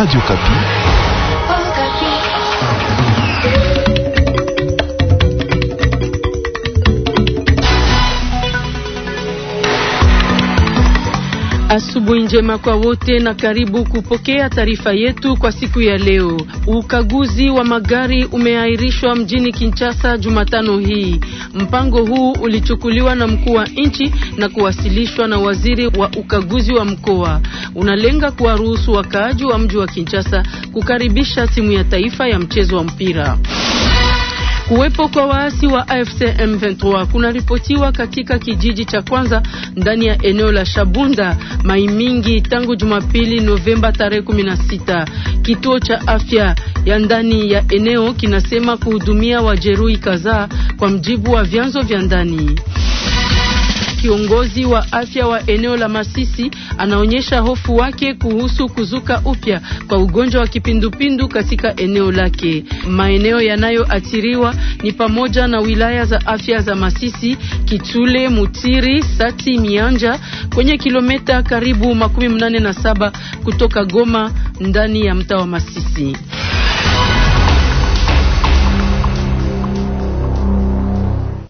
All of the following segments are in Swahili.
Radio Okapi. Asubuhi njema kwa wote na karibu kupokea taarifa yetu kwa siku ya leo. Ukaguzi wa magari umeahirishwa mjini Kinshasa Jumatano hii. Mpango huu ulichukuliwa na mkuu wa nchi na kuwasilishwa na waziri wa ukaguzi wa mkoa. Unalenga kuwaruhusu wakaaji wa mji wa Kinshasa kukaribisha timu ya taifa ya mchezo wa mpira. Kuwepo kwa waasi wa AFC M23 kunaripotiwa katika kijiji cha kwanza ndani ya eneo la Shabunda mai mingi tangu Jumapili Novemba tarehe 16. Kituo cha afya ya ndani ya eneo kinasema kuhudumia wajeruhi kadhaa kwa mjibu wa vyanzo vya ndani kiongozi wa afya wa eneo la Masisi anaonyesha hofu wake kuhusu kuzuka upya kwa ugonjwa wa kipindupindu katika eneo lake. Maeneo yanayoathiriwa ni pamoja na wilaya za afya za Masisi, Kitule, Mutiri, Sati, Mianja kwenye kilometa karibu makumi mnane na saba kutoka Goma ndani ya mtaa wa Masisi.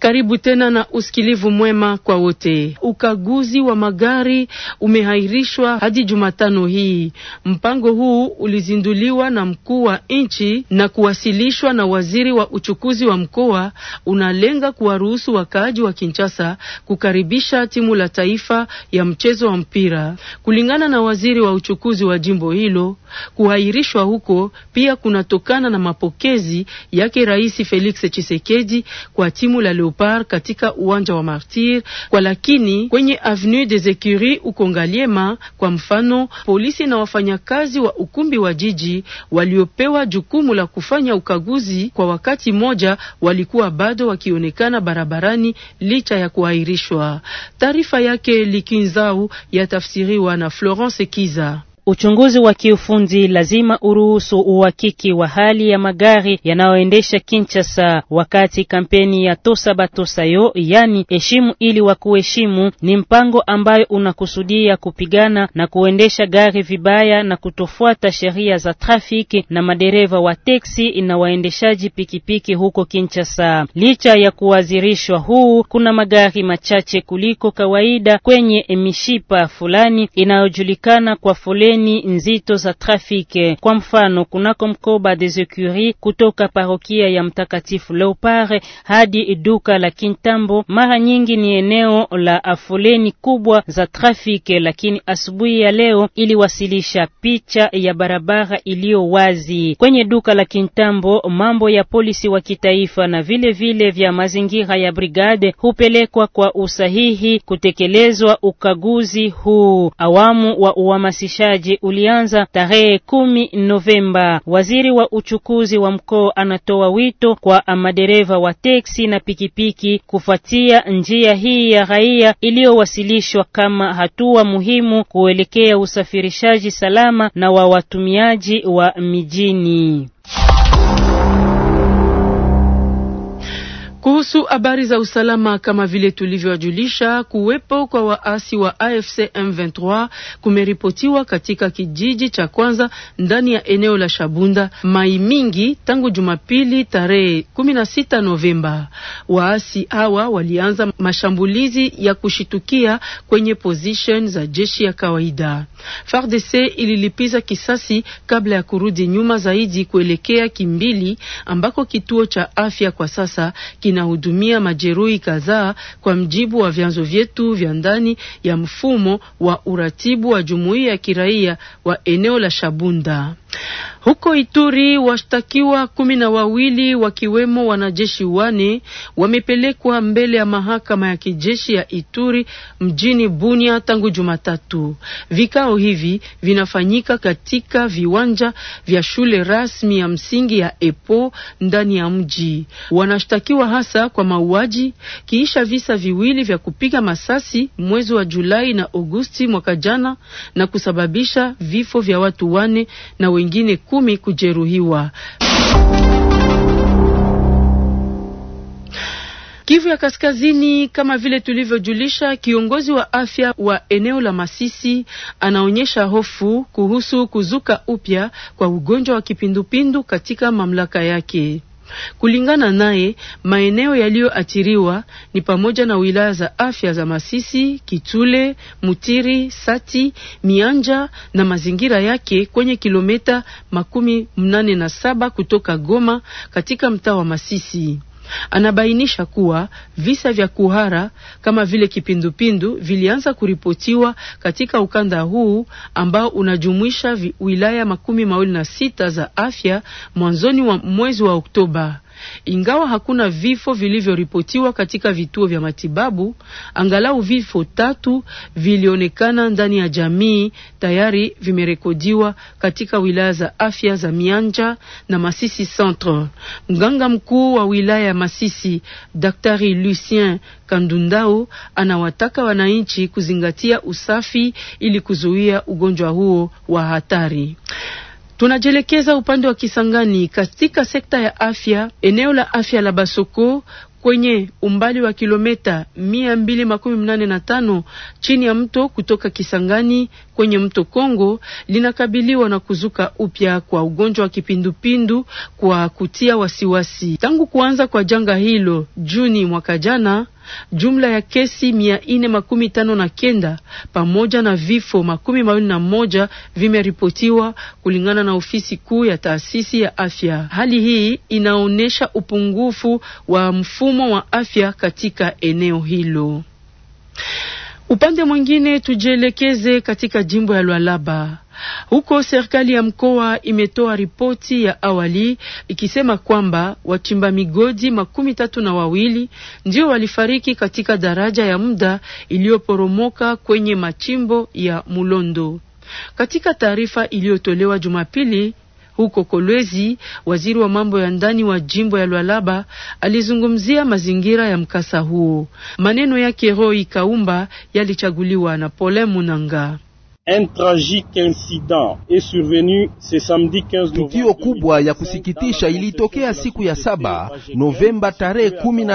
Karibu tena na usikilivu mwema kwa wote. Ukaguzi wa magari umehairishwa hadi Jumatano hii. Mpango huu ulizinduliwa na mkuu wa nchi na kuwasilishwa na waziri wa uchukuzi wa mkoa, unalenga kuwaruhusu wakaaji wa Kinshasa kukaribisha timu la taifa ya mchezo wa mpira. Kulingana na waziri wa uchukuzi wa jimbo hilo, kuhairishwa huko pia kunatokana na mapokezi yake Rais Felix Tshisekedi kwa timu la leo Leopard katika uwanja wa Martir kwa lakini kwenye avenue des Ecuries uko Ngaliema. Kwa mfano, polisi na wafanyakazi wa ukumbi wa jiji waliopewa jukumu la kufanya ukaguzi kwa wakati mmoja walikuwa bado wakionekana barabarani licha ya kuahirishwa. Taarifa yake Likinzau yatafsiriwa na Florence Kiza. Uchunguzi wa kiufundi lazima uruhusu uhakiki wa hali ya magari yanayoendesha Kinshasa, wakati kampeni ya tosabatosayo, yani heshimu ili wa kuheshimu, ni mpango ambayo unakusudia kupigana na kuendesha gari vibaya na kutofuata sheria za trafiki na madereva wa teksi na waendeshaji pikipiki huko Kinshasa. Licha ya kuwazirishwa huu, kuna magari machache kuliko kawaida kwenye mishipa fulani inayojulikana kwa fuleni foleni nzito za trafiki. Kwa mfano, kunako mkoba des Ecuries kutoka parokia ya Mtakatifu Leopard hadi duka la Kintambo, mara nyingi ni eneo la afuleni kubwa za trafiki, lakini asubuhi ya leo iliwasilisha picha ya barabara iliyo wazi kwenye duka la Kintambo. Mambo ya polisi wa kitaifa na vile vile vya mazingira ya brigade hupelekwa kwa usahihi kutekelezwa ukaguzi huu. Awamu wa uhamasishaji uboreshaji ulianza tarehe kumi Novemba. Waziri wa uchukuzi wa mkoa anatoa wito kwa madereva wa teksi na pikipiki kufuatia njia hii ya raia iliyowasilishwa kama hatua muhimu kuelekea usafirishaji salama na wa watumiaji wa mijini. Kuhusu habari za usalama, kama vile tulivyojulisha, kuwepo kwa waasi wa AFC M23 kumeripotiwa katika kijiji cha kwanza ndani ya eneo la Shabunda Mai Mingi tangu Jumapili tarehe 16 Novemba. Waasi hawa walianza mashambulizi ya kushitukia kwenye position za jeshi ya kawaida. FARDC ililipiza kisasi kabla ya kurudi nyuma zaidi kuelekea Kimbili ambako kituo cha afya kwa sasa kinahudumia majeruhi kadhaa, kwa mjibu wa vyanzo vyetu vya ndani ya mfumo wa uratibu wa jumuiya ya kiraia wa eneo la Shabunda. Huko Ituri washtakiwa kumi na wawili wakiwemo wanajeshi wane wamepelekwa mbele ya mahakama ya kijeshi ya Ituri mjini Bunia tangu Jumatatu. Vikao hivi vinafanyika katika viwanja vya shule rasmi ya msingi ya Epo ndani ya mji. Wanashtakiwa hasa kwa mauaji kiisha visa viwili vya kupiga masasi mwezi wa Julai na Agosti mwaka jana na kusababisha vifo vya watu wane na wengine kumi kujeruhiwa. Kivu ya Kaskazini, kama vile tulivyojulisha, kiongozi wa afya wa eneo la Masisi anaonyesha hofu kuhusu kuzuka upya kwa ugonjwa wa kipindupindu katika mamlaka yake. Kulingana naye, maeneo yaliyoathiriwa ni pamoja na wilaya za afya za Masisi, Kitule, Mutiri, Sati, Mianja na mazingira yake kwenye kilomita makumi mnane na saba kutoka Goma katika mtaa wa Masisi. Anabainisha kuwa visa vya kuhara kama vile kipindupindu vilianza kuripotiwa katika ukanda huu ambao unajumuisha wilaya makumi mawili na sita za afya mwanzoni wa mwezi wa Oktoba. Ingawa hakuna vifo vilivyoripotiwa katika vituo vya matibabu, angalau vifo tatu vilionekana ndani ya jamii tayari vimerekodiwa katika wilaya za afya za Mianja na Masisi Centre. Mganga mkuu wa wilaya ya Masisi, Daktari Lucien Kandundao, anawataka wananchi kuzingatia usafi ili kuzuia ugonjwa huo wa hatari. Tunajielekeza upande wa Kisangani katika sekta ya afya, eneo la afya la Basoko kwenye umbali wa kilometa mia mbili makumi mnane na tano chini ya mto kutoka Kisangani kwenye mto Kongo linakabiliwa na kuzuka upya kwa ugonjwa wa kipindupindu kwa kutia wasiwasi. Tangu kuanza kwa janga hilo Juni mwaka jana, Jumla ya kesi mia ine makumi tano na kenda pamoja na vifo makumi mawili na moja vimeripotiwa kulingana na ofisi kuu ya taasisi ya afya. Hali hii inaonyesha upungufu wa mfumo wa afya katika eneo hilo. Upande mwingine tujielekeze katika jimbo ya Lualaba. Huko serikali ya mkoa imetoa ripoti ya awali ikisema kwamba wachimba migodi makumi tatu na wawili ndio walifariki katika daraja ya muda iliyoporomoka kwenye machimbo ya Mulondo. Katika taarifa iliyotolewa Jumapili huko Kolwezi, waziri wa mambo ya ndani wa jimbo ya Lwalaba alizungumzia mazingira ya mkasa huo. Maneno yake Roy Kaumba yalichaguliwa na Pole Munanga. Un tragique incident est survenu ce samedi 15 Novembre. Tukio kubwa ya kusikitisha ilitokea siku ya saba Novemba tarehe kumi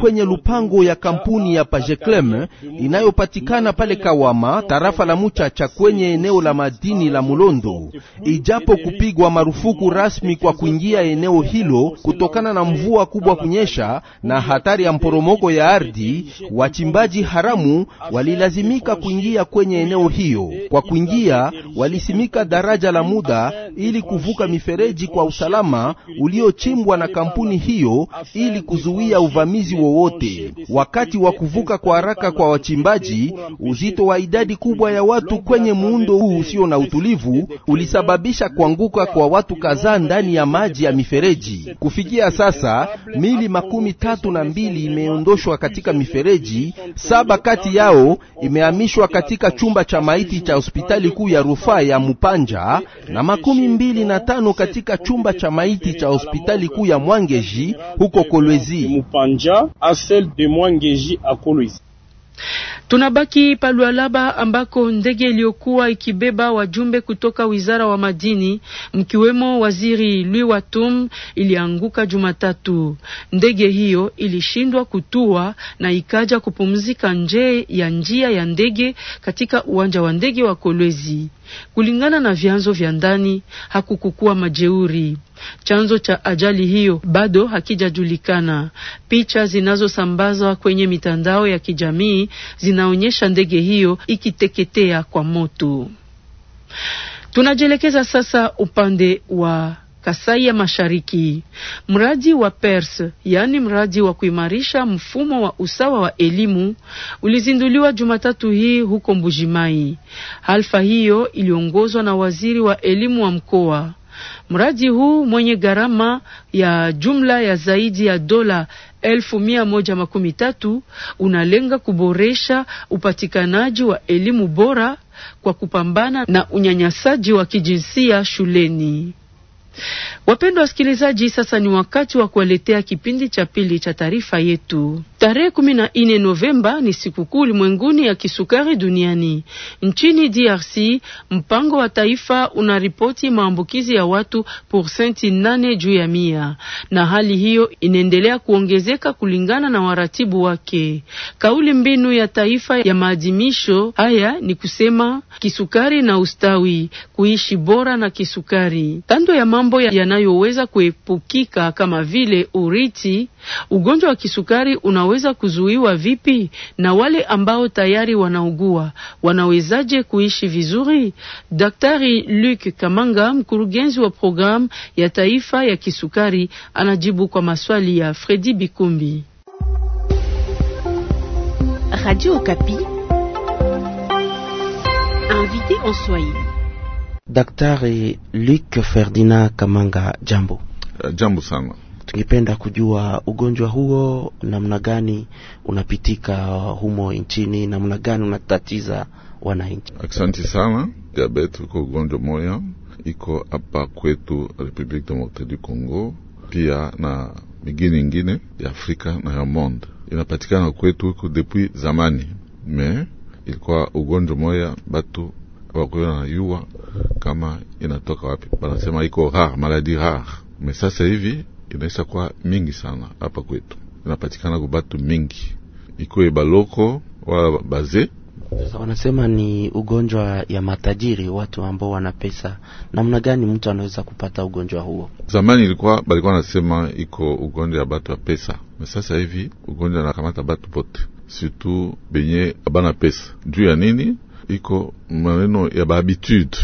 kwenye lupango ya kampuni ya Pajeclem inayopatikana pale Kawama, tarafa la Muchacha kwenye eneo la madini la Mulondo. Ijapo kupigwa marufuku rasmi kwa kuingia eneo hilo kutokana na mvua kubwa kunyesha na hatari ya mporomoko ya ardhi, wachimbaji haramu walilazimika kuingia kwenye eneo hiyo. Kwa kuingia walisimika daraja la muda ili kuvuka mifereji kwa usalama uliochimbwa na kampuni hiyo ili kuzuia uvamizi wowote. Wakati wa kuvuka kwa haraka kwa wachimbaji, uzito wa idadi kubwa ya watu kwenye muundo huu usio na utulivu ulisababisha kuanguka kwa watu kadhaa ndani ya maji ya mifereji. Kufikia sasa mili makumi tatu na mbili imeondoshwa katika mifereji, saba kati yao imehamishwa katika chumba cha maiti cha hospitali kuu ya rufaa ya Mupanja na makumi mbili na tano katika chumba cha maiti cha hospitali kuu ya Mwangeji huko Kolwezi. Tunabaki Palualaba ambako ndege iliyokuwa ikibeba wajumbe kutoka wizara wa madini mkiwemo waziri Louis Watum ilianguka Jumatatu. Ndege hiyo ilishindwa kutua na ikaja kupumzika nje ya njia ya ndege katika uwanja wa ndege wa Kolwezi. Kulingana na vyanzo vya ndani, hakukukua majeuri. Chanzo cha ajali hiyo bado hakijajulikana. Picha zinazosambazwa kwenye mitandao ya kijamii zinaonyesha ndege hiyo ikiteketea kwa moto. Tunajielekeza sasa upande wa Kasai ya Mashariki. Mradi wa PERS, yaani mradi wa kuimarisha mfumo wa usawa wa elimu, ulizinduliwa Jumatatu hii huko Mbujimai. Halfa hiyo iliongozwa na waziri wa elimu wa mkoa. Mradi huu mwenye gharama ya jumla ya zaidi ya dola elfu mia moja makumi tatu unalenga kuboresha upatikanaji wa elimu bora kwa kupambana na unyanyasaji wa kijinsia shuleni. Wapendwa wasikilizaji, sasa ni wakati wa kuwaletea kipindi cha pili cha taarifa yetu. Tarehe kumi na nne Novemba ni sikukuu ulimwenguni ya kisukari duniani. Nchini DRC, mpango wa taifa unaripoti maambukizi ya watu porsenti nane juu ya mia, na hali hiyo inaendelea kuongezeka kulingana na waratibu wake. Kauli mbinu ya taifa ya maadhimisho haya ni kusema kisukari na ustawi, kuishi bora na kisukari. Kando ya mambo yanayoweza kuepukika kama vile uriti. Ugonjwa wa kisukari unaweza kuzuiwa vipi? Na wale ambao tayari wanaugua wanawezaje kuishi vizuri? Daktari Luc Kamanga, mkurugenzi wa programu ya taifa ya kisukari, anajibu kwa maswali ya Fredi Bikumbi. Radio Okapi, invité en Swahili. Daktari Luc Ferdinand Kamanga, jambo. Uh, jambo sana. Tungependa kujua ugonjwa huo namna gani unapitika humo nchini, namna gani unatatiza wananchi? Asante sana. Diabetes iko ugonjwa moya iko hapa kwetu Republique Democratique du Congo, pia na migini ingine ya Afrika na ya monde. Inapatikana kwetu iko depuis zamani, me ilikuwa ugonjwa moya batu wakuwa wanajua kama inatoka wapi. Banasema iko rare, maladi rare, me sasa hivi inaisha kwa mingi sana hapa kwetu, inapatikana kwa batu mingi, ikuwe baloko wala baze. Sasa wanasema ni ugonjwa ya matajiri, watu ambao wana pesa. Namna gani mtu anaweza kupata ugonjwa huo? Zamani ilikuwa balikuwa nasema iko ugonjwa ya batu ya pesa, me sasa hivi ugonjwa nakamata batu pote, surtout benye abana pesa. Juu ya nini? iko maneno ya bahabitude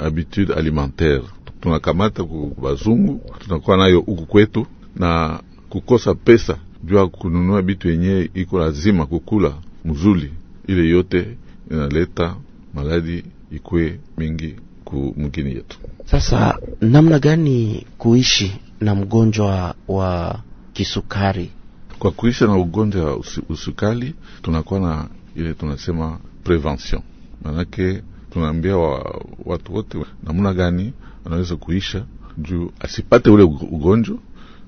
habitude alimentaire tunakamata kubazungu tunakuwa nayo huku kwetu, na kukosa pesa jua kununua bitu yenye iko lazima kukula mzuli, ile yote inaleta maladi ikwe mingi ku mgini yetu. Sasa namna gani kuishi na mgonjwa wa kisukari? Kwa kuishi na ugonjwa wa usukari tunakuwa na ile tunasema prevention Manake tunaambia wa, watu wote namna gani anaweza kuisha juu asipate ule ugonjwa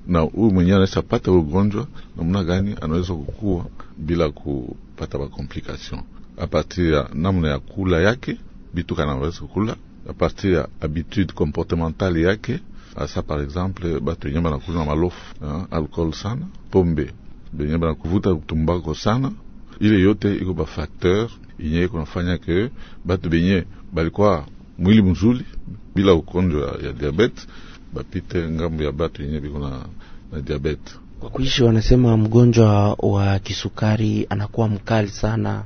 na huyu mwenyewe anaweza pata ule ugonjwa, namna gani anaweza kukua bila kupata makomplikation apartir ya namna ya kula yake vitu kanaweza kula apartir ya habitude comportementale yake asa. Par exemple batu benye banakunywa malofu alcool sana, pombe benye banakuvuta tumbako sana, ile yote iko bafakteur yenye kunafanya ke batu benye balikuwa mwili mzuri bila ugonjwa ya diabete bapite ngambo ya batu yenye biko na, na diabete. Kwa kuishi wanasema mgonjwa wa kisukari anakuwa mkali sana,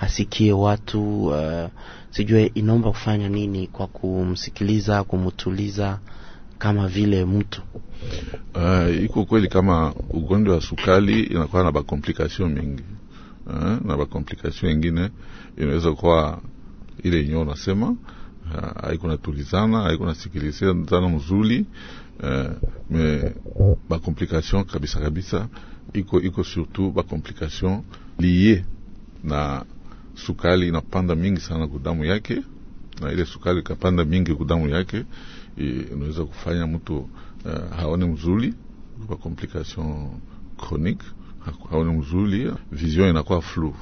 asikie watu uh, sijue inaomba kufanya nini kwa kumsikiliza, kumtuliza kama vile mtu uh, iko kweli kama ugonjwa wa sukari inakuwa na bakomplikasio mingi eh, na bakomplikation ingine inaweza kuwa ile yenyewe unasema eh, haikunatulizana haikunasikilizana mzuri eh, me bakomplikation kabisa kabisa iko iko surtout bakomplikation liye na sukali inapanda mingi sana kudamu yake, na ile sukali ikapanda mingi kudamu yake inaweza kufanya mtu uh, haone mzuri kwa chronique haoni mzuli vision inakuwa flu.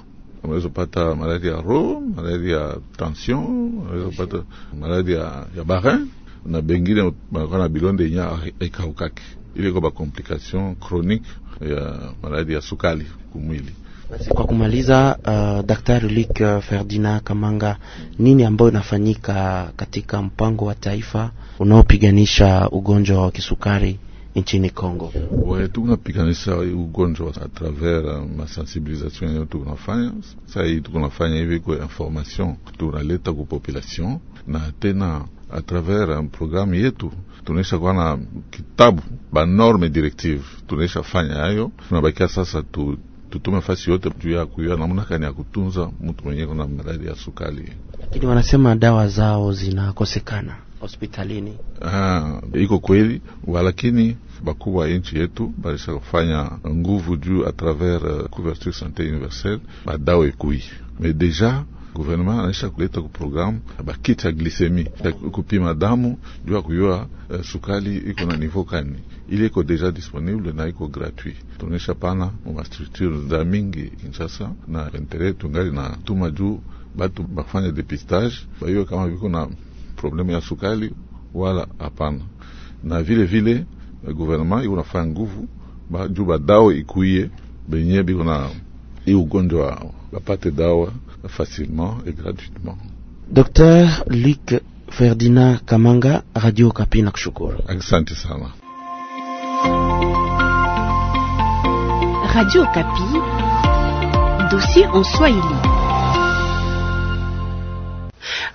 Unaweza pata maradhi ya ro, maradhi ya tension, unaweza pata maradhi ya, ya barin na bengine banakuwa na bilonde yenye aikaukake ile iko complication chronique ya maradhi ya sukali kumwili. Kwa kumaliza, uh, Daktari Luc uh, Ferdinand Kamanga, nini ambayo inafanyika katika mpango wa taifa unaopiganisha ugonjwa wa kisukari? nchini Kongo. We, tukunapiganisha ugonjwa a travers euh, masensibilization yo tukunafanya sai, tukunafanya hivi kwa information tunaleta ku population, na tena a travers programu yetu tunaisha kuwa na kitabu ba norme directive tunaisha fanya hayo, tunabakia sasa tu tutume fasi yote juu ya kuyua namna gani ya kutunza mtu mwenye kuna maradhi ya sukari, lakini wanasema dawa zao zinakosekana hospitalini. Aha, iko kweli, walakini bakubwa ya nchi yetu baisha kufanya nguvu juu a travers uh, couverture sante universelle badawa ekui me deja gouvernement anaisha kuleta ku programu bakiti glisemi ya kupima damu juu ya kuyua uh, sukali iko na nivo kani. ili iko deja disponible na iko gratuit, tunaisha pana ma za mingi Kinshasa na entere tungali na tuma juu batu bafanya depistage baiwe kama viko na problemu ya sukali wala hapana. Na vile vile eh, guvernema iko nafanya nguvu juu badao ikuye benye biko na i ugonjwa bapate dawa facilement et gratuitement. Dr. Luc Ferdinand Kamanga, Radio Kapi, nakushukuru. Asante sana. Radio Kapi, dossier en Swahili.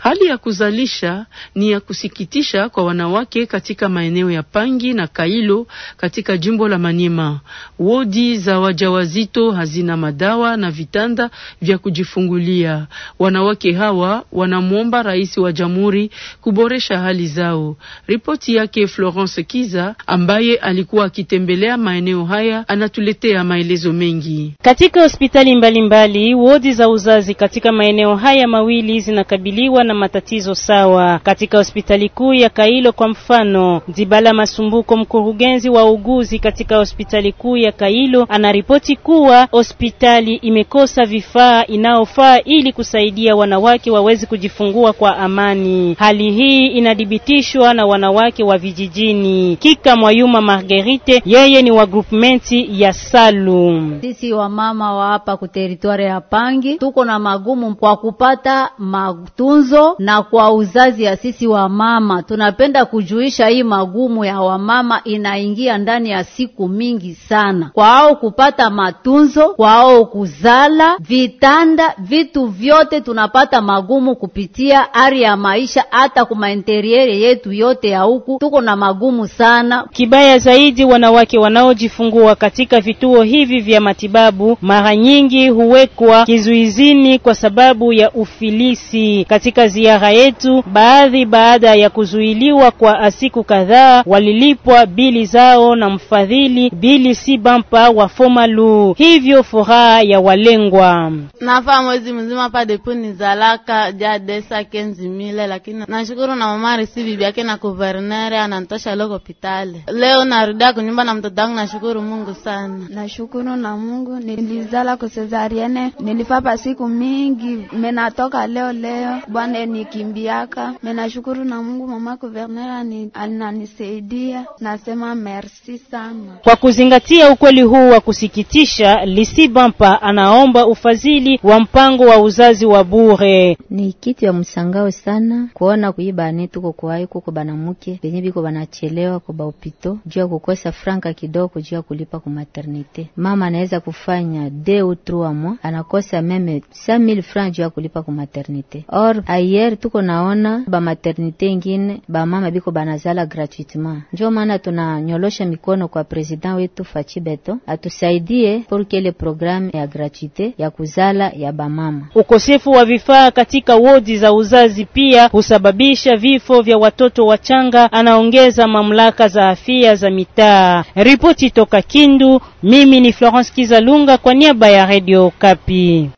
Hali ya kuzalisha ni ya kusikitisha kwa wanawake katika maeneo ya Pangi na Kailo katika jimbo la Manyema. Wodi za wajawazito hazina madawa na vitanda vya kujifungulia. Wanawake hawa wanamwomba rais wa jamhuri kuboresha hali zao. Ripoti yake Florence Kiza ambaye alikuwa akitembelea maeneo haya anatuletea maelezo mengi. Katika hospitali mbalimbali, wodi za uzazi katika maeneo haya mawili zinakabiliwa na matatizo sawa. Katika hospitali kuu ya Kailo kwa mfano, Dibala Masumbuko, mkurugenzi wa uguzi katika hospitali kuu ya Kailo, anaripoti kuwa hospitali imekosa vifaa inaofaa ili kusaidia wanawake waweze kujifungua kwa amani. Hali hii inadhibitishwa na wanawake wa vijijini. Kika Mwayuma Margerite, yeye ni wa groupmenti ya Salum. Sisi wamama wa hapa kuteritwari ya Pangi tuko na magumu kwa kupata matunzo na kwa uzazi ya sisi wa mama Tunapenda kujuisha hii magumu ya wamama inaingia ndani ya siku mingi sana, kwao kupata matunzo, kwao kuzala, vitanda, vitu vyote tunapata magumu kupitia ari ya maisha, hata interiere yetu yote ya huku tuko na magumu sana. Kibaya zaidi, wanawake wanaojifungua katika vituo hivi vya matibabu mara nyingi huwekwa kizuizini kwa sababu ya ufilisi katika ziara yetu, baadhi baada ya kuzuiliwa kwa siku kadhaa walilipwa bili zao na mfadhili bili si bampa wa Fomalu, hivyo furaha ya walengwa. Nafaa mwezi mzima pa depo ni zalaka ja desa kenzi mile, lakini nashukuru na mama risi bibi yake na governor anantosha loko hospitali. Leo narudia kunyumba na mtoto wangu, nashukuru Mungu sana. Nashukuru na Mungu nilizala kusezariene, nilifapa siku mingi menatoka leo leo Bwana nikimbiaka Menashukuru na Mungu, mama guverner ananisaidia, nasema merci sana. Kwa kuzingatia ukweli huu wa kusikitisha, Lisi Bampa anaomba ufadhili wa mpango wa uzazi wa bure. Ni kitu ya msangao sana kuona kuibane tuko kuwai kuko banamuke benye biko banachelewa kwa baupito juu ya kukosa franka kidogo juu ya kulipa ku maternite. Mama anaweza kufanya deux ou trois mois anakosa meme 5000 francs juu ya kulipa kwa maternite or Bayere tuko naona bamaternite ingine bamama biko banazala gratuitement, njo maana tunanyolosha mikono kwa president wetu Fachi Beto atusaidie que le programme ya gratuité ya kuzala ya bamama. Ukosefu wa vifaa katika wodi za uzazi pia husababisha vifo vya watoto wachanga, anaongeza mamlaka za afya za mitaa. Ripoti toka Kindu, mimi ni Florence Kizalunga kwa niaba ya Radio Kapi.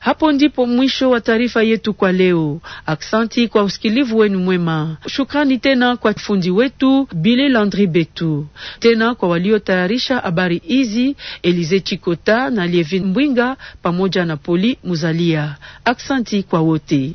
Hapo ndipo mwisho wa taarifa yetu kwa leo. Aksanti kwa usikilivu wenu mwema. Shukrani tena kwa fundi wetu Bile Landri Betu, tena kwa waliotayarisha habari hizi Elize Chikota na Lievin Mbwinga pamoja na Poli Muzalia. Aksanti kwa wote.